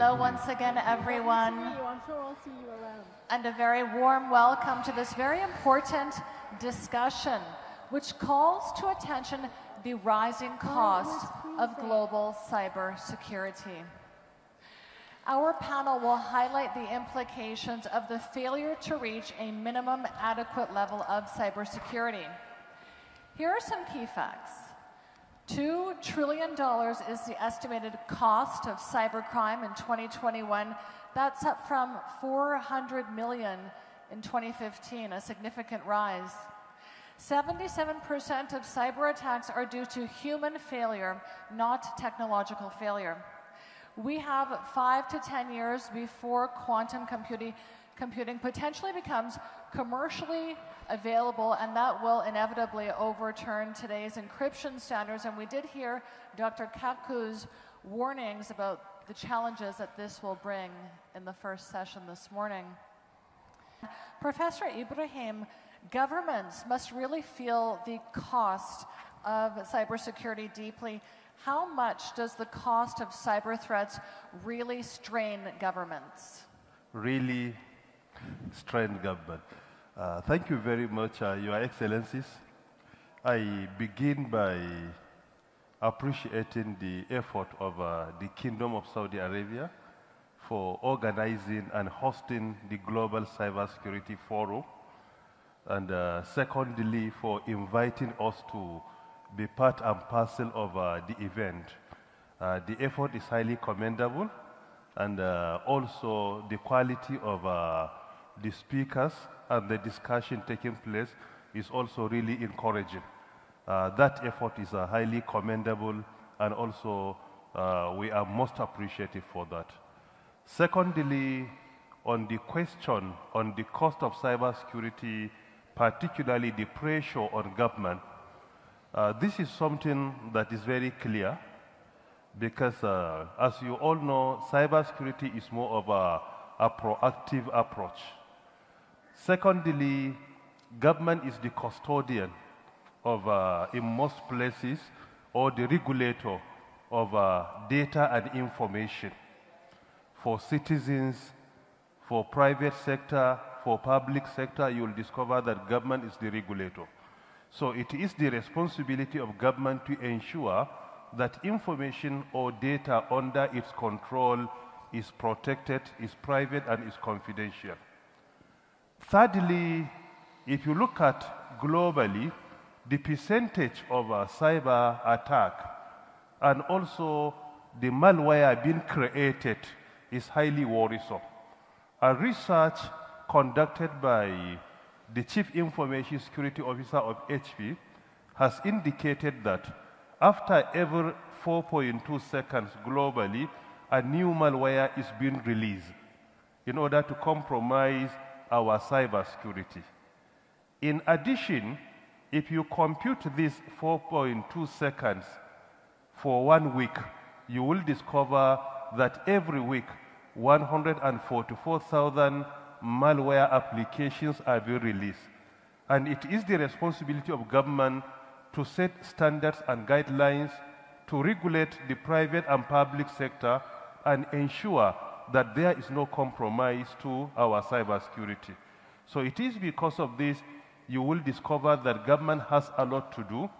Hello once again, everyone. I'm sure I'll see you around. And a very warm welcome to this very important discussion, which calls to attention the rising oh, cost of global cybersecurity. Our panel will highlight the implications of the failure to reach a minimum adequate level of cybersecurity. Here are some key facts. $2 trillion is the estimated cost of cybercrime in 2021. That's up from 400 million in 2015, a significant rise. 77% of cyber attacks are due to human failure, not technological failure. We have five to 10 years before quantum computing computing potentially becomes commercially available, and that will inevitably overturn today's encryption standards. And we did hear Dr. Kaku's warnings about the challenges that this will bring in the first session this morning. Professor Ibrahim, governments must really feel the cost of cybersecurity deeply. How much does the cost of cyber threats really strain governments? Really Strand government. Uh, thank you very much, uh, Your Excellencies. I begin by appreciating the effort of uh, the Kingdom of Saudi Arabia for organizing and hosting the Global Cybersecurity Forum, and uh, secondly, for inviting us to be part and parcel of uh, the event. Uh, the effort is highly commendable, and also the quality of the speakers and the discussion taking place is also really encouraging. Uh, that effort is uh, highly commendable and also uh, we are most appreciative for that. Secondly, on the question on the cost of cybersecurity, particularly the pressure on government, uh, this is something that is very clear because uh, as you all know, cybersecurity is more of a, a proactive approach Secondly, government is the custodian of, uh, in most places, or the regulator of uh, data and information for citizens, for private sector, for public sector, you will discover that government is the regulator. So it is the responsibility of government to ensure that information or data under its control is protected, is private, and is confidential. Thirdly, if you look at globally, the percentage of a cyber attack and also the malware being created is highly worrisome. A research conducted by the Chief Information Security Officer of HP has indicated that after every 4.2 seconds globally, a new malware is being released in order to compromise our cybersecurity. In addition, if you compute these 4.2 seconds for one week, you will discover that every week 144,000 malware applications are being released. And it is the responsibility of government to set standards and guidelines to regulate the private and public sector and ensure that there is no compromise to our cybersecurity. So it is because of this you will discover that government has a lot to do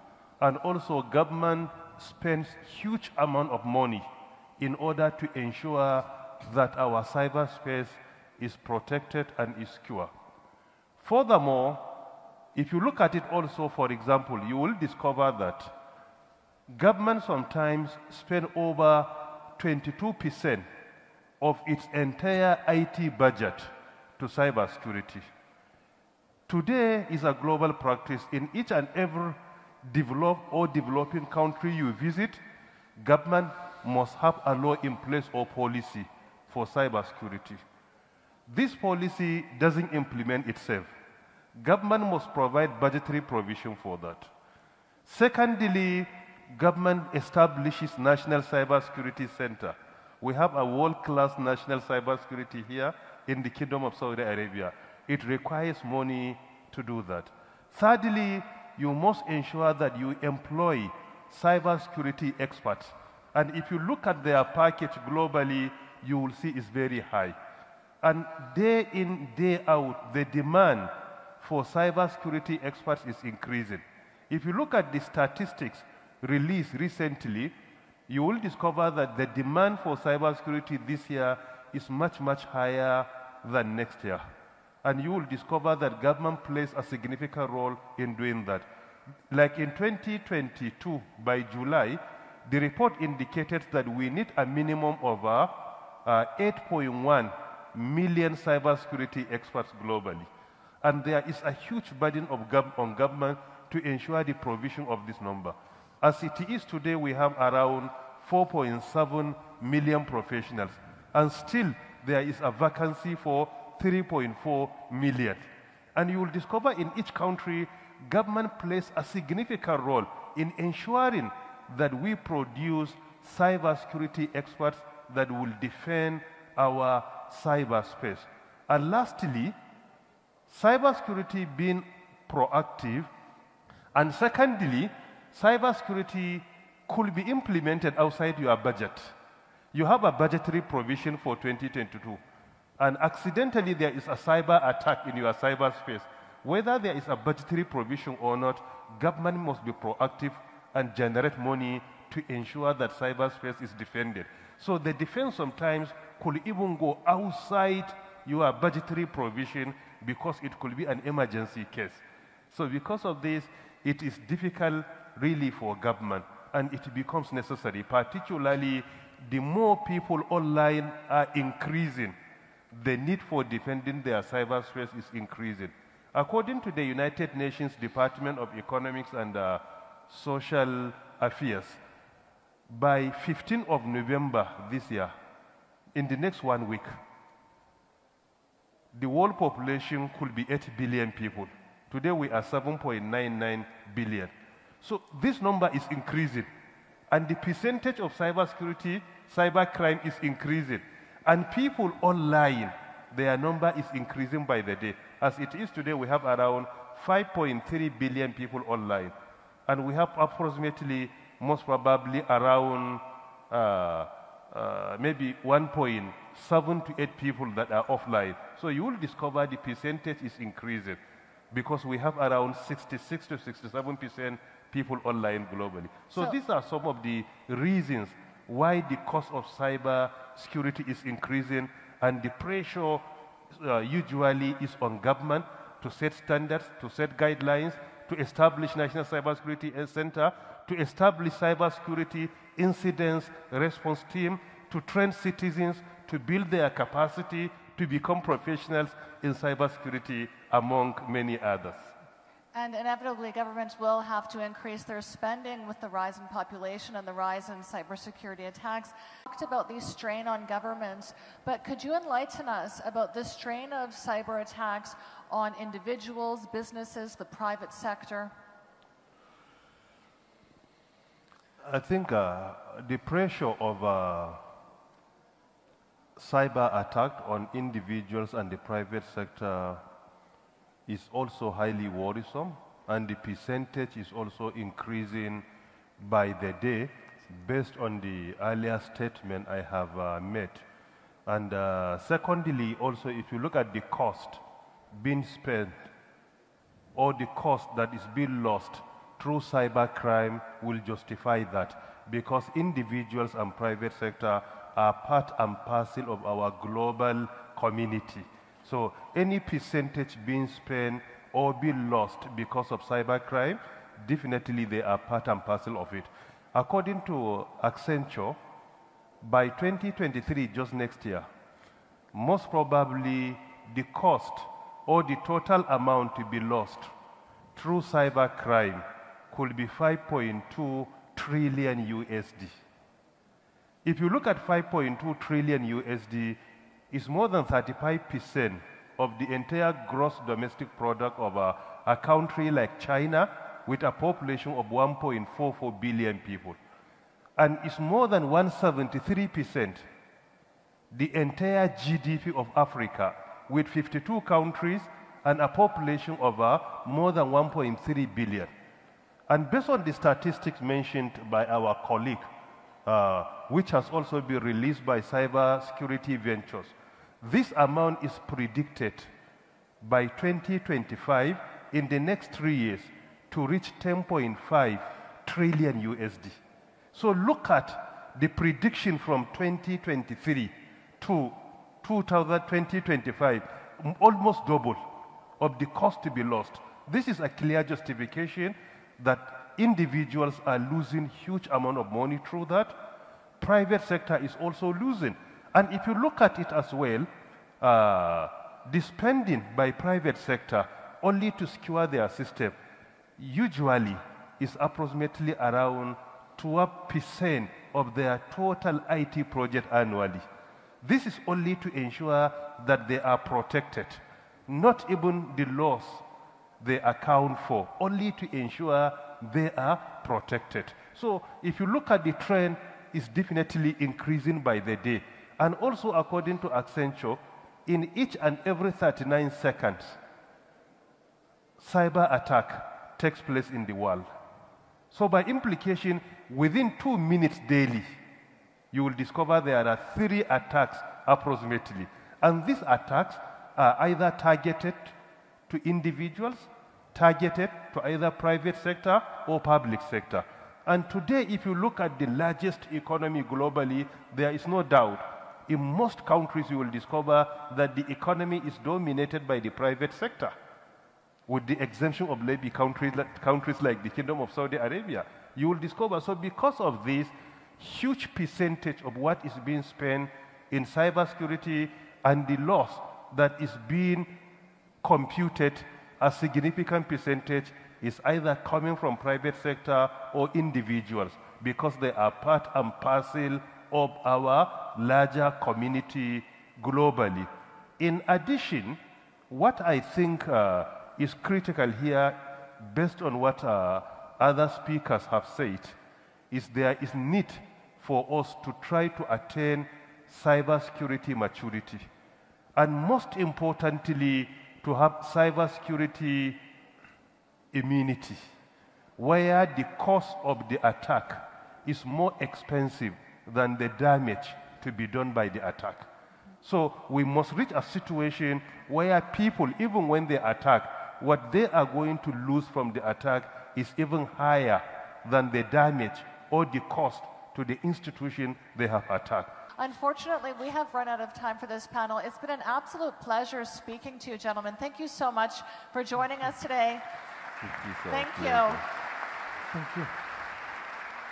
and also government spends huge amount of money in order to ensure that our cyberspace is protected and is secure. Furthermore, if you look at it also, for example, you will discover that government sometimes spend over 22 percent of its entire IT budget to cybersecurity. Today is a global practice in each and every developed or developing country you visit, government must have a law in place or policy for cybersecurity. This policy doesn't implement itself. Government must provide budgetary provision for that. Secondly, government establishes National Cybersecurity Center we have a world-class national cybersecurity here in the Kingdom of Saudi Arabia. It requires money to do that. Thirdly, you must ensure that you employ cybersecurity experts. And if you look at their package globally, you will see it's very high. And day in, day out, the demand for cybersecurity experts is increasing. If you look at the statistics released recently, you will discover that the demand for cybersecurity this year is much, much higher than next year. And you will discover that government plays a significant role in doing that. Like in 2022, by July, the report indicated that we need a minimum of uh, uh, 8.1 million cybersecurity experts globally. And there is a huge burden of gov on government to ensure the provision of this number. As it is today, we have around 4.7 million professionals, and still there is a vacancy for 3.4 million. And you will discover in each country, government plays a significant role in ensuring that we produce cybersecurity experts that will defend our cyberspace. And lastly, cybersecurity being proactive, and secondly, Cybersecurity could be implemented outside your budget. You have a budgetary provision for 2022, and accidentally there is a cyber attack in your cyberspace. Whether there is a budgetary provision or not, government must be proactive and generate money to ensure that cyberspace is defended. So the defense sometimes could even go outside your budgetary provision because it could be an emergency case. So because of this, it is difficult really for government. And it becomes necessary, particularly the more people online are increasing, the need for defending their cyberspace is increasing. According to the United Nations Department of Economics and uh, Social Affairs, by 15th of November this year, in the next one week, the world population could be 8 billion people. Today we are 7.99 billion. So this number is increasing. And the percentage of cybersecurity, cybercrime is increasing. And people online, their number is increasing by the day. As it is today, we have around 5.3 billion people online. And we have approximately, most probably, around uh, uh, maybe 1.7 to 8 people that are offline. So you will discover the percentage is increasing because we have around 66 to 67 percent people online globally. So, so, these are some of the reasons why the cost of cyber security is increasing and the pressure uh, usually is on government to set standards, to set guidelines, to establish National Cybersecurity Center, to establish cybersecurity incidents response team, to train citizens, to build their capacity, to become professionals in cybersecurity, among many others. And inevitably, governments will have to increase their spending with the rise in population and the rise in cybersecurity attacks. You talked about the strain on governments, but could you enlighten us about the strain of cyber attacks on individuals, businesses, the private sector? I think uh, the pressure of uh, cyber attack on individuals and the private sector is also highly worrisome and the percentage is also increasing by the day based on the earlier statement I have uh, made. And uh, secondly, also, if you look at the cost being spent or the cost that is being lost through cybercrime will justify that because individuals and private sector are part and parcel of our global community. So any percentage being spent or being lost because of cybercrime, definitely they are part and parcel of it. According to Accenture, by 2023, just next year, most probably the cost or the total amount to be lost through cybercrime could be 5.2 trillion USD. If you look at 5.2 trillion USD, it's more than 35% of the entire gross domestic product of a, a country like China with a population of 1.44 billion people. And it's more than 173% the entire GDP of Africa with 52 countries and a population of uh, more than 1.3 billion. And based on the statistics mentioned by our colleague, uh, which has also been released by Cyber Security Ventures, this amount is predicted by 2025 in the next three years to reach 10.5 trillion USD. So look at the prediction from 2023 to 2025, almost double of the cost to be lost. This is a clear justification that individuals are losing huge amount of money through that. Private sector is also losing. And if you look at it as well, uh, the spending by private sector only to secure their system usually is approximately around 12% of their total IT project annually. This is only to ensure that they are protected. Not even the loss they account for, only to ensure they are protected. So if you look at the trend, it's definitely increasing by the day. And also, according to Accenture, in each and every 39 seconds, cyber attack takes place in the world. So, by implication, within two minutes daily, you will discover there are three attacks approximately. And these attacks are either targeted to individuals targeted to either private sector or public sector. And today, if you look at the largest economy globally, there is no doubt. In most countries, you will discover that the economy is dominated by the private sector, with the exemption of maybe countries, countries like the Kingdom of Saudi Arabia. You will discover, so because of this, huge percentage of what is being spent in cybersecurity and the loss that is being computed a significant percentage is either coming from private sector or individuals because they are part and parcel of our larger community globally. In addition, what I think uh, is critical here, based on what uh, other speakers have said, is there is need for us to try to attain cybersecurity maturity. And most importantly, to have cybersecurity immunity, where the cost of the attack is more expensive than the damage to be done by the attack. So we must reach a situation where people, even when they attack, what they are going to lose from the attack is even higher than the damage or the cost to the institution they have attacked. Unfortunately, we have run out of time for this panel. It's been an absolute pleasure speaking to you, gentlemen. Thank you so much for joining us today. Thank you. So thank, you. thank you.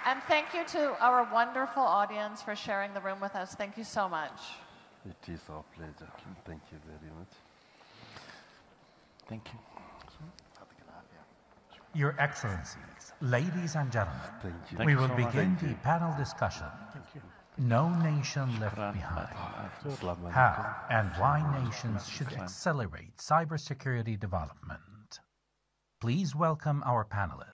And thank you to our wonderful audience for sharing the room with us. Thank you so much. It is our pleasure. Thank you very much. Thank you. Your Excellencies, ladies and gentlemen, we will so begin the panel discussion. No nation left behind. How and why nations should accelerate cybersecurity development. Please welcome our panelists.